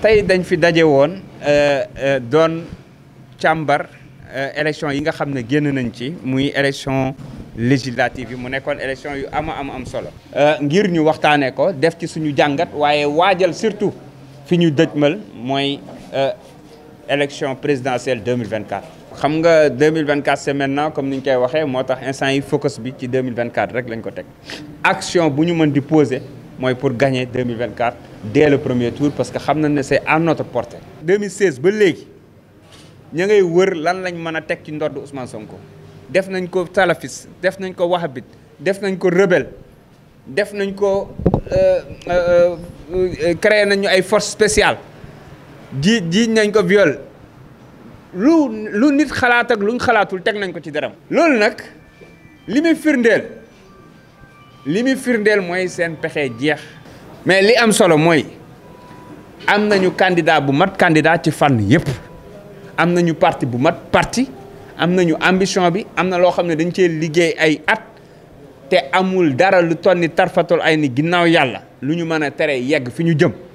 tay dañ fi euh woon euh, doon càmbar euh, élection yi nga xamné ne génn nañ ci muy élection législative mu nekkoon élection yu ama am am solo euh, ngir ñu waxtané ko def ci suñu jangat wayé waajal surtout fi ñu moy euh élection présidentielle 2024 xam nga 2024 c'est maintenant comme ni ñu koy waxé motax instant yi focus bi ci 2024 rek lañ ko teg action bu ñu mën di poser moi pour gagner 2024 dès le premier tour parce que xam nañ c'est à notre portée. 2016 ba légui ña ngay wër lan lañ mëna a ci ndodd Ousmane Sonko def nañ ko talafis, def nañ ko wahhabite def nañ ko rebel, def nañ ko euh, euh, euh, créé nañu ay force spéciale ji jiiñ nañ ko viol lu lu nit xalaat ak luñ xalaatul tek nañ ko ci dëram. Lool nak li firndel li muy firndeel mooy seen pexe jeex mais li am solo mooy am nañu candidat bu mat candidat ci fànn yëpp am nañu parti bu mat parti am nañu ambition bi am na loo xam ne dañ cee liggéey ay at te amul dara lu tonni tarfatul ay ni ginnaaw yàlla lu ñu mën a tere yegg fi ñu jëm